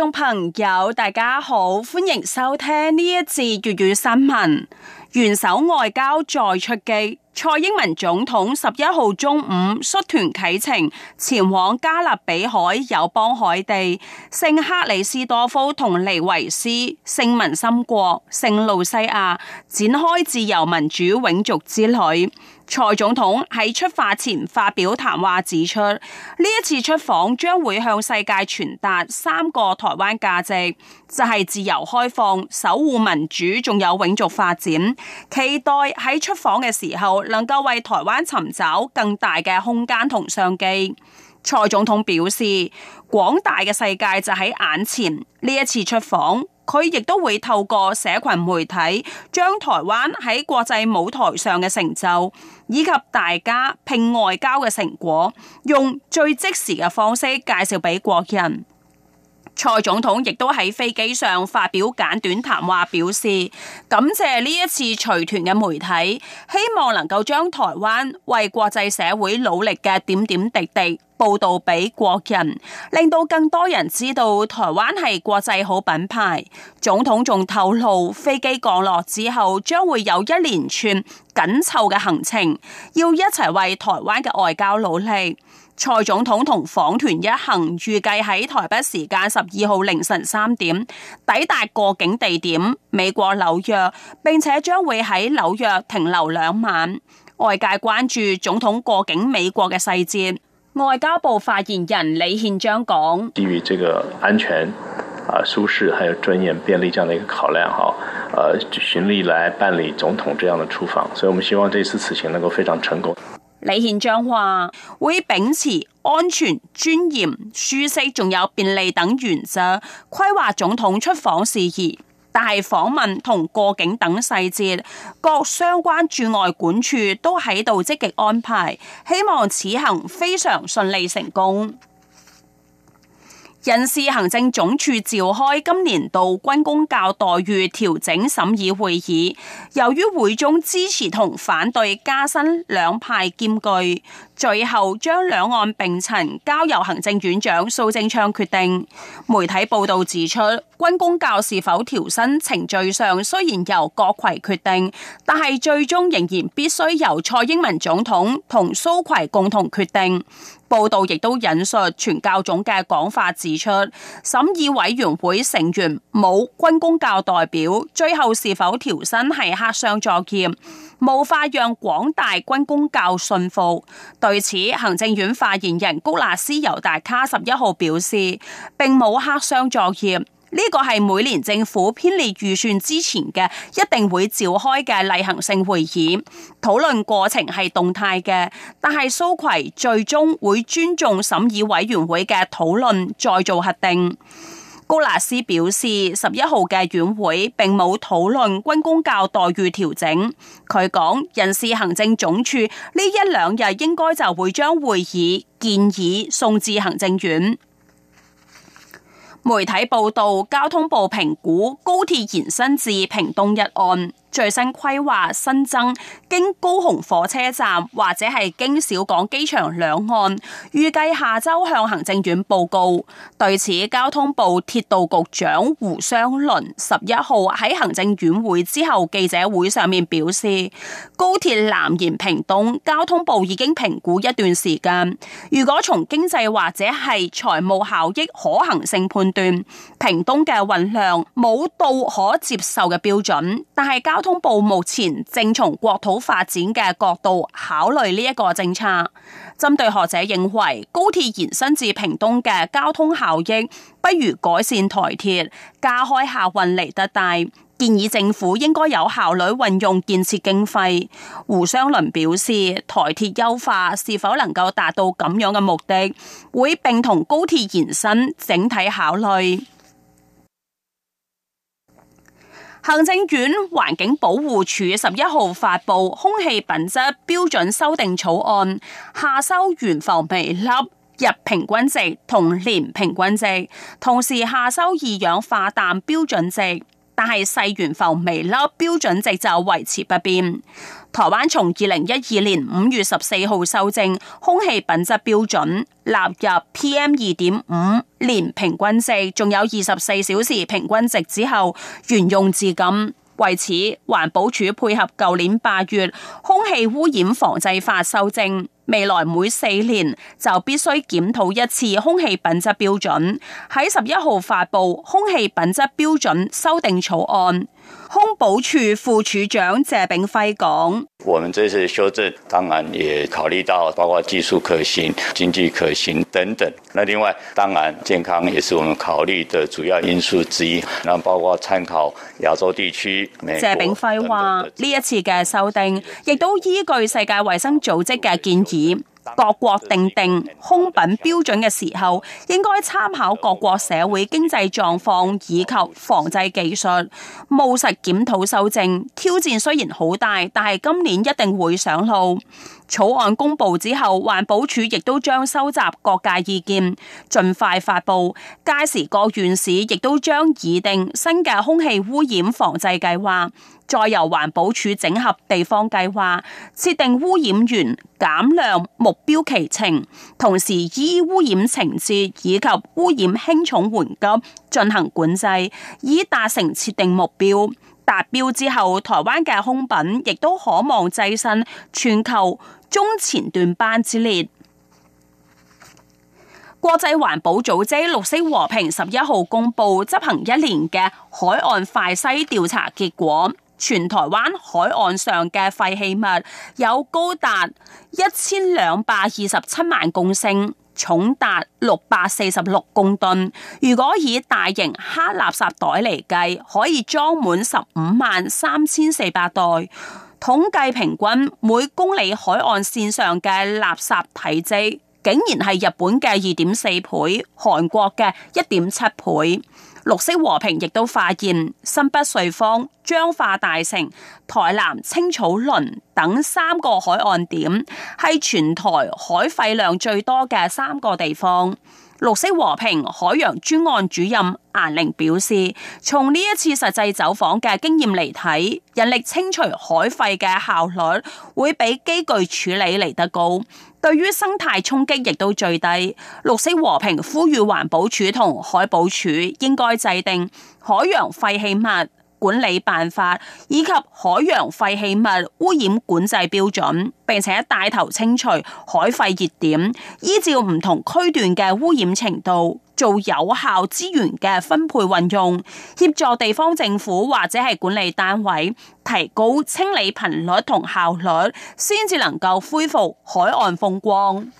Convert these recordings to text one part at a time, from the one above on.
觀眾朋友，大家好，歡迎收聽呢一節粵語新聞。元首外交再出擊，蔡英文總統十一號中午率團啟程，前往加勒比海友邦海地、聖克里斯多夫、同尼維斯、聖文森國、聖路西亞，展開自由民主永續之旅。蔡總統喺出發前發表談話，指出呢一次出訪將會向世界傳達三個台灣價值，就係、是、自由開放、守護民主，仲有永續發展。期待喺出訪嘅時候，能夠為台灣尋找更大嘅空間同商機。蔡總統表示，廣大嘅世界就喺眼前，呢一次出訪。佢亦都會透過社群媒體，將台灣喺國際舞台上嘅成就，以及大家拼外交嘅成果，用最即時嘅方式介紹俾國人。蔡總統亦都喺飛機上發表簡短談話，表示感謝呢一次隨團嘅媒體，希望能夠將台灣為國際社會努力嘅點點滴滴。報道俾國人，令到更多人知道台灣係國際好品牌。總統仲透露，飛機降落之後將會有一連串緊湊嘅行程，要一齊為台灣嘅外交努力。蔡總統同訪團一行預計喺台北時間十二號凌晨三點抵達過境地點美國紐約，並且將會喺紐約停留兩晚。外界關注總統過境美國嘅細節。外交部發言人李憲章講：基於這個安全、啊舒適，還有尊嚴、便利這樣的一個考量，嗬、啊，呃，循例來辦理總統這樣的出訪，所以我們希望這次此行能夠非常成功。李憲章話：會秉持安全、尊嚴、舒適，仲有便利等原則規劃總統出訪事宜。但係訪問同過境等細節，各相關駐外館處都喺度積極安排，希望此行非常順利成功。人事行政總處召開今年度軍公教待遇調整審議會議，由於會中支持同反對加薪兩派兼具。最後將兩案並陳，交由行政院長蘇貞昌決定。媒體報道指出，軍公教是否調薪程序上雖然由閣揆決定，但係最終仍然必須由蔡英文總統同蘇揆共同決定。報道亦都引述全教總嘅講法，指出審議委員會成員冇軍公教代表，最後是否調薪係黑箱作業。無法讓廣大軍公教信服。對此，行政院發言人谷納斯尤達卡十一號表示：並冇黑箱作業，呢個係每年政府編列預算之前嘅一定會召開嘅例行性會議，討論過程係動態嘅，但係蘇葵最終會尊重審議委員會嘅討論，再做核定。高納斯表示，十一號嘅院會並冇討論軍公教待遇調整。佢講，人事行政總處呢一兩日應該就會將會議建議送至行政院。媒體報道，交通部評估高鐵延伸至屏東一案。最新規劃新增經高雄火車站或者係經小港機場兩岸，預計下周向行政院報告。對此，交通部鐵道局長胡湘麟十一號喺行政院會之後記者會上面表示，高鐵南延屏東，交通部已經評估一段時間。如果從經濟或者係財務效益可行性判斷，屏東嘅運量冇到可接受嘅標準，但係交交通部目前正從國土發展嘅角度考慮呢一個政策。針對學者認為高鐵延伸至屏東嘅交通效益不如改善台鐵加開客運嚟得大，建議政府應該有效率運用建設經費。胡湘倫表示，台鐵優化是否能夠達到咁樣嘅目的，會並同高鐵延伸整體考慮。行政院環境保護署十一號發布空氣品質標準修訂草案，下收懸浮微粒日平均值同年平均值，同時下收二氧化氮標準值。但係細懸浮微粒標準值就維持不變。台灣從二零一二年五月十四號修正空氣品質標準，納入 PM 二點五年平均值，仲有二十四小時平均值之後，沿用至今。為此，環保署配合舊年八月空氣污染防制法修正，未來每四年就必須檢討一次空氣品質標準，喺十一號發布空氣品質標準修訂草案。空保處副處長謝炳輝講：我們這次修正當然也考慮到包括技術可行、經濟可行等等。那另外當然健康也是我們考慮的主要因素之一。那包括參考亞洲地區等等。謝炳輝話：呢一次嘅修訂亦都依據世界衛生組織嘅建議。各國訂定空品標準嘅時候，應該參考各國社會經濟狀況以及防制技術，務實檢討修正。挑戰雖然好大，但係今年一定會上路。草案公布之後，環保署亦都將收集各界意見，盡快發佈。屆時各縣市亦都將擬定新嘅空氣污染防制計劃，再由環保署整合地方計劃，設定污染源減量目標期程，同時依污染情節以及污染輕重緩急進行管制，以達成設定目標。達標之後，台灣嘅空品亦都可望躋身全球中前段班之列。國際環保組織綠色和平十一號公佈執行一年嘅海岸快篩調查結果，全台灣海岸上嘅廢棄物有高達一千兩百二十七萬公升，重達六百四十六公噸。如果以大型黑垃圾袋嚟計，可以裝滿十五萬三千四百袋。統計平均每公里海岸線上嘅垃圾體積，竟然係日本嘅二點四倍、韓國嘅一點七倍。綠色和平亦都發現，新北瑞芳、彰化大城、台南青草崙等三個海岸點，係全台海廢量最多嘅三個地方。綠色和平海洋專案主任顏寧表示，從呢一次實際走訪嘅經驗嚟睇，人力清除海廢嘅效率會比機具處理嚟得高，對於生態衝擊亦都最低。綠色和平呼籲環保署同海保署應該制定海洋廢棄物。管理辦法以及海洋廢棄物污染管制標準，並且帶頭清除海廢熱點，依照唔同區段嘅污染程度做有效資源嘅分配運用，協助地方政府或者係管理單位提高清理頻率同效率，先至能夠恢復海岸風光。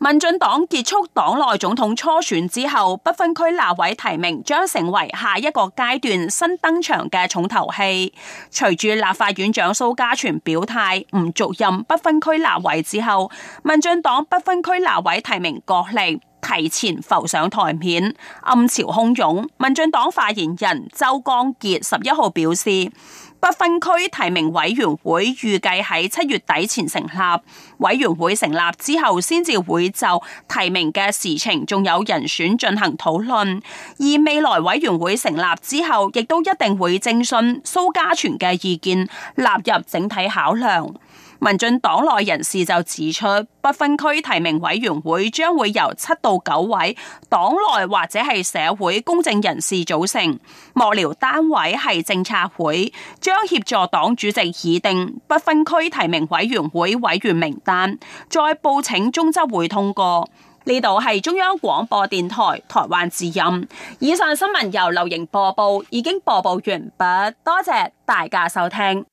民進黨結束黨內總統初選之後，不分區立委提名將成為下一個階段新登場嘅重頭戲。隨住立法院長蘇嘉全表態唔續任不分區立委之後，民進黨不分區立委提名角力提前浮上台面，暗潮洶湧。民進黨發言人周光杰十一號表示。不分區提名委員會預計喺七月底前成立，委員會成立之後先至會就提名嘅事情仲有人選進行討論，而未來委員會成立之後，亦都一定會徵詢蘇嘉全嘅意見，納入整體考量。民進黨內人士就指出，不分區提名委員會將會由七到九位黨內或者係社會公正人士組成。幕僚單位係政策會，將協助黨主席擬定不分區提名委員會委員名單，再報請中執會通過。呢度係中央廣播電台台灣之音。以上新聞由流瑩播報，已經播報完畢。多謝大家收聽。